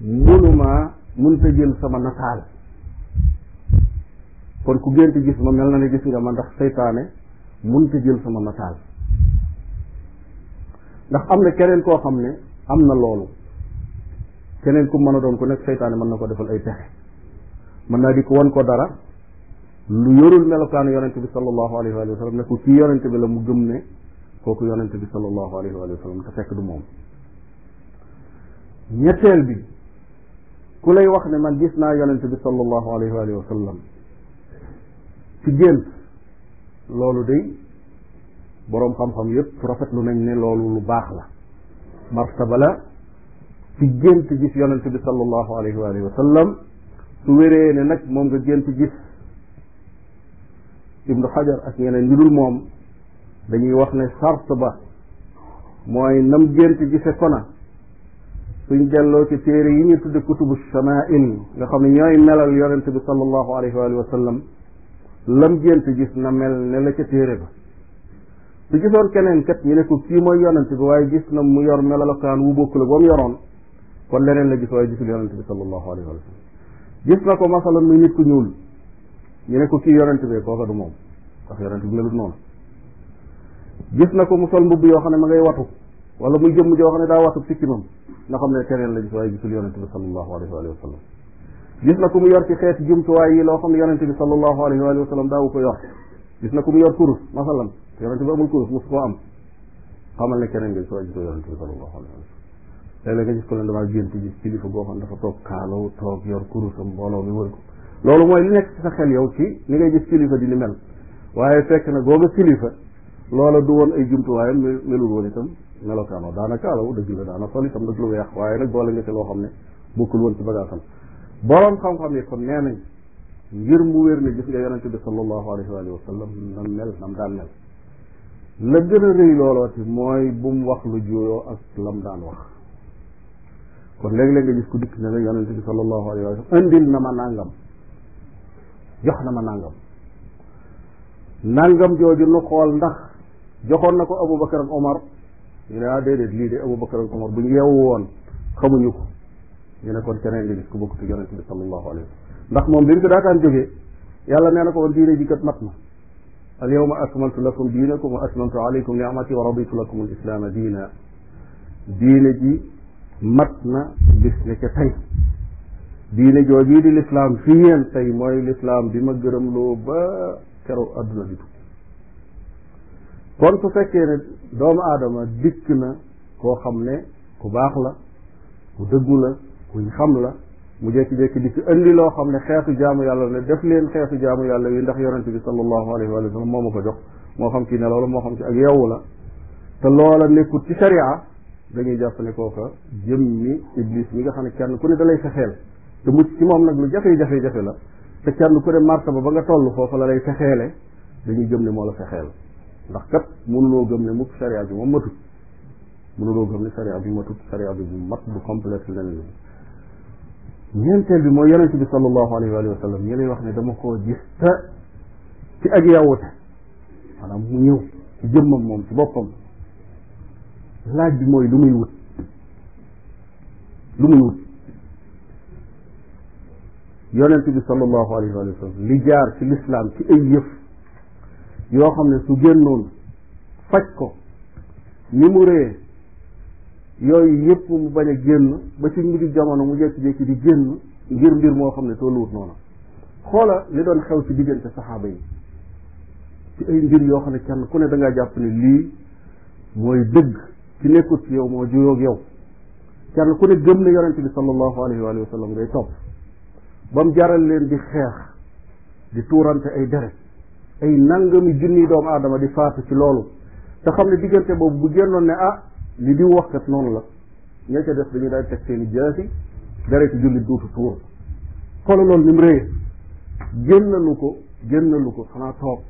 mënumaa mënta jël sama nataal kon ku gént gis ma mel na ne gis nga ma ndax seytaane mënta jël sama nataal ndax am na keneen koo xam ne am na loolu keneen ku mën a doon ku nekk seytaane mën na ko defal ay pexe mën naa di ko wan ko dara lu yorul melokaanu yonente bi sallallahu alayhi wa sallam ne ko kii yonente bi la mu gëm ne kooku yonente bi sallallahu alayhi wa sallam te fekk du moom ñetteel bi ku lay wax ne man gis naa yonente bi sallallahu alayhi wa sallam ci gént loolu day boroom xam-xam yëpp rafetlu nañ ne loolu lu baax la martaba la ci gént gis yonent bi sallallahu alayhi wa alihi wa sallam su wéree ne nag moom nga gént gis ibnu xajar ak ñeneen ñu dul moom dañuy wax ne sart ba mooy nam gént gise kona suñ delloo ci téere yi ñu tudde kutubu shamail nga xam ne ñooy melal yonent bi sallallahu alayhi wa alihi wa sallam lam gént gis na mel ne la ca téere ba su gisoon keneen kat ñu ne ko kii mooy yonante bi waaye gis na mu yor melokaan wu bokkul ba mu yoroon kon leneen la gis waaye gisul yonante bi sallallahu alayhi wa sallam gis na ko masalan muy ku ñuul ñu ko kii yonante bi du moom ndax bi melut noonu gis na ko mu sol mbubb yoo xam ne ma ngay watu wala muy jëmm joo ne daa watu sikkimam na xam ne keneen la gis waaye gisul yonante bi sallallahu alayhi wa sallam na ko mu yor ci xeeti jumtuwaay yi loo xam ne yonante bi sallallahu alayhi wa sallam daawu ko yor gis na ko mu yor kurus masalan yonente bi amul kurus mosu koo am xamal ne keneen nga soo gisoo yonente bi sallallahu alayhi wa sallam léeg-léeg nga gis ne dafa toog kaalaw toog yor kurusam mbooloo mi wër ko loolu mooy li nekk ci sa xel yow ci ni ngay gis kilifa di ni mel waaye fekk na googa kilifa loola du woon ay jumtuwaayam melul woon itam melokaanoo daana kaalaw dëgg la daana sol itam nag lu weex waaye nag boole nga ci loo xam ne bokkul woon ci bagaasam boroom xam-xam yi kon nee nañ ngir mu wér ne gis nga yonente bi sallallahu alayhi wa la gën a rëy loolooti mooy bu mu wax lu juuyoo ak lam daan wax kon léeg-léeg nga gis ku dikk ne la yonente bi sallallahu wa sallam indil na ma nàngam jox na ma nàngam nàngam jooju nu xool ndax joxoon na ko Aboubacar ak Omar ñu ne ah déedéet lii de Aboubacar ak Omar bu ñu yeewu woon xamuñu ko ñu ne kon keneen nga gis ku bokk ci yonente bi sallallahu alayhi wa ndax moom bi mu ko daataan jógee yàlla nee na ko woon diine ji kat mat na اليوم أكملت لكم دينكم وأكملت عليكم نعمتي ورضيت لكم الإسلام دينا دين جي متنا بسنك تي دين جي الإسلام فيه تي موي الإسلام بما قرم لو با كرو أدنا بيتو كون تفكير دوم آدم ديكنا كو خمنا كو باخلا كو دقولا كو يخملا mu jékki-jékki di ci andi loo xam ne xeetu jaamu yàlla ne def leen xeetu jaamu yàlla yi ndax yonent bi sallallahu alayhi wa sallam moo ma ko jox moo xam ci nelaw la moo xam ci ak yow la te loola nekkut ci sharia dañuy jàpp ne kooka jëm mi iblis mi nga xam ne kenn ku ne dalay fexeel te mucc ci moom nag lu jafe-jafe-jafe la te kenn ku ne martaba ba nga toll foofa la lay fexeele dañuy gëm ne moo la fexeel ndax kat mënuloo gëm ne mukk sharia bi moom matut mënuloo gëm ne sharia bi matut sharia bi bu mat bu complète ñeenteel bi mooy yonente bi sallallahu alayhi wa sallam ñi lay wax ne dama koo gis te ci ak yawute maanaam mu ñëw ci jëmmam moom ci boppam laaj bi mooy lu muy wut lu muy wut yonent bi sallallahu alayhi wa sallam li jaar ci lislaam ci ay yëf yoo xam ne su génnoon faj ko ni mu ree yooyu yëpp mu bañ a génn ba ci mujj jamono mu jékki-jékki di génn ngir mbir moo xam ne tolluwut noonu xoola li doon xew ci diggante saxaaba yi ci ay mbir yoo xam ne kenn ku ne danga jàpp ne lii mooy dëgg ci nekkut ci yow moo juyoog yow kenn ku ne gëm ne yonente bi sallallahu alayhi wa sallam ngay topp ba mu jaral leen di xeex di tuurante ay deret ay nangami junni doomu aadama di faatu ci loolu te xam ne diggante boobu bu génnoon ne ah li di wax kat noonu la ña ca def dañu daan teg seen i jaasi dara ci jullit duutu tuur xoolal loolu ni mu rëy génnalu ko génnalu ko xanaa toog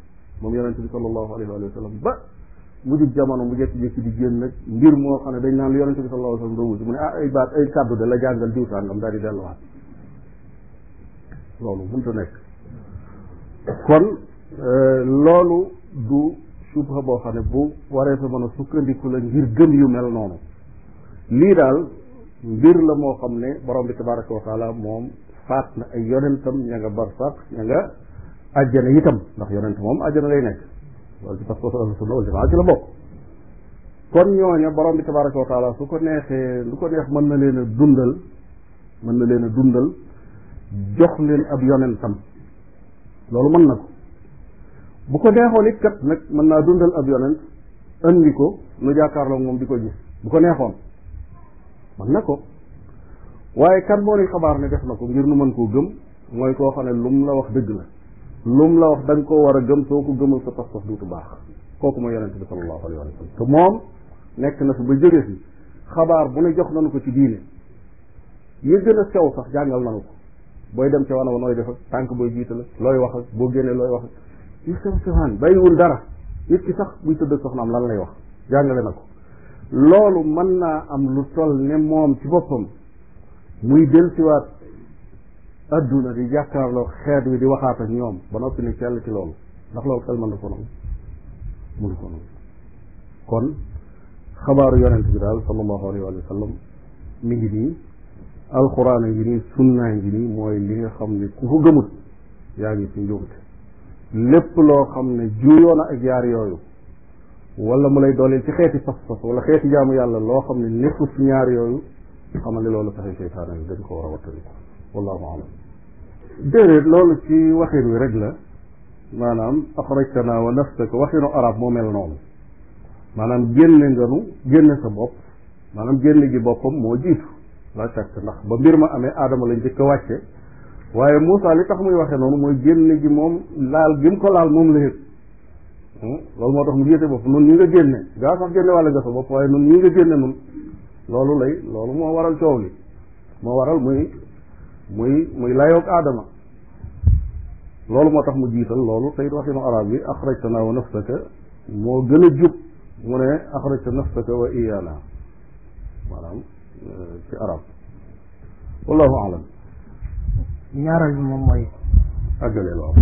moom yonent bi sallallahu alayhi wa sallam ba mujj jamono mu jékki-jékki di génn nag mbir moo xam ne dañ naan yonent bi sallallahu alayhi wa mu ne ah ay baat ay kàddu de la jàngal diw sàngam daal di delluwaat loolu mënta nekk kon euh, loolu du subha boo xam ne bu waree fa mën a sukkandiku la ngir gëm yu mel noonu lii daal mbir la moo xam ne borom bi tabaraka wa moom faat na ay yonentam ña nga barsax ña nga ajjana itam ndax yonent moom ajjana lay nekk loolu ci parce que ahlu sunna wal jamaa ci la borom bi tabaraka wa taala su ko neexee lu ko neex mën na leen dundal mën na leen a dundal jox leen ab yonentam loolu mën na ko bu ko neexoon it kat nag mën naa dundal ab yonent andi ko nu jàkkaarloo moom di ko ji bu ko neexoon mën na ko waaye kan moo ni xabaar ne def na ko ngir nu mën koo gëm mooy koo xam ne lum la wax dëgg la lum la wax da koo war a gëm soo ko gëmul sa pas-pas duutu baax kooku mooy yonent bi sallallahu alayhi wa sallam te moom nekk na fi ba jóge fi xabaar bu ne jox nañu ko ci diine yi gën a sew sax jàngal nañu ko booy dem ca wana wa nooy def ak tànk booy jiital looy wax ak boo wax yastaftihuun bàyyiwul dara nit ki sax buy tëdd soxnaam lan lay wax jàngale na ko loolu mën naa am lu tol ne moom ci boppam muy delsiwaat adduna di jàkkaarloo xeet wi di waxaat ak ñoom ba noppi ni sell ci loolu ndax loolu xel mën na ko nangu mënu ko nangu kon xabaaru yonent bi daal sallallahu alayhi wa sallam mi ngi nii alxuraan a ngi nii sunnaa ngi nii mooy li xam ne ku ko gëmut yaa ngi ci njuumte lépp loo xam ne juuyoo ak yaar yooyu wala mu lay dooleel ci xeeti pas-pas xeeti jaamu yàlla loo xam ne nekkul ci ñaar yooyu xamal ne loolu pexe seytaane la dañ ko war a wattali wallahu alam loolu ci waxin wi rek la maanaam axrajtana wa ko waxinu arab moo mel noonu maanaam génne nga nu génne sa bopp maanaam génne gi boppam moo jiitu la càkk ndax ba mbir ma amee aadama lañ njëkk a wàcce waaye Moussa li tax muy waxee noonu mooy génne gi moom laal gi ko laal moom la yëg hmm? loolu moo tax mu yéete bopp noonu ñi nga génne gaa sax génne wàlla gasa bopp waaye noonu ñi nga génne noonu loolu lay loolu moo waral coow moo waral muy muy muy layoog aadama loolu moo tax mu jiital loolu tey waxinu arab bi na wa nafsaka moo gën a jub mu ne axrajta nafsaka wa iyana maanaam euh, ci arab wallahu alam ñaareel bi moom mooy. àggale waaw.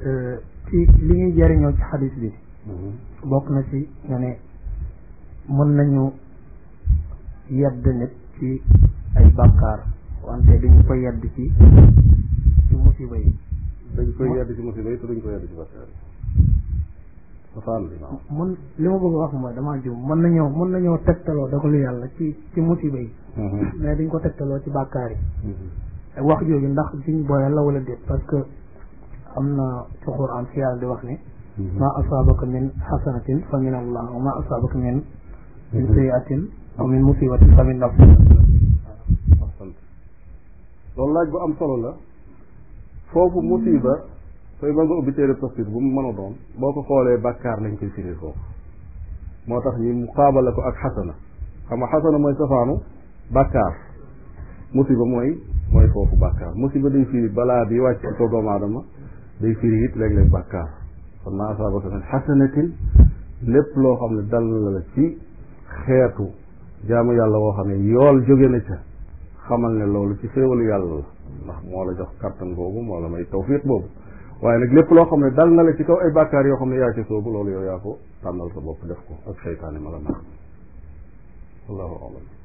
Euh, ci li ñuy jëriñoo ci xadis bi. Mhm. bokk na ci nga ne mën nañu yedd nit ci ay bàkkaar wante duñu ko yedd ci ci musiba yi. dañ koy yedd ci musiba yi te duñ ko yedd ci bàkkaar yi. mën li ma bëgg wax mooy damaa jiw mën nañoo mën nañoo tegtaloo dogalu yàlla ci ci musiba yi. Mhm. ko tegtaloo ci bàkkaar yi. Mhm. wax jooju ndax suñ boole la wala déet parce que am na ci Qur'an fi yàlla di wax ne mhm. ma asaabaka min xasanatin fa min allah wa ma asaabaka min mhm. min sayiatin aw min musibatin fa min nafsi loolu laaj bu am solo la foofu musiba sooy mën nga ubbi téere tafsir bu mu mën a doon boo ko xoolee bàkkaar lañ koy firi foofu moo tax ñi muqaabala ko ak xasana xam nga xasana mooy safaanu bàkkaar musiba mooy mooy foofu bàkkaar musiba day firi balaa bi wàcc ci kaw doomu aadama day firi it léeg-léeg bàkkaar kon maa asaabaka min xasanatin lépp loo xam ne dal na la ci xeetu jaamu yàlla woo xam ne yool jóge na ca xamal ne loolu ci xéewalu yàlla la ndax moo la jox kàttan boobu moo la may tawfiq boobu waaye nag lépp loo xam ne dal na la ci kaw ay bàkkaar yoo xam ne yaa ci soobu loolu yow yaa ko tànnal sa ko ak seytaane mala la nax alam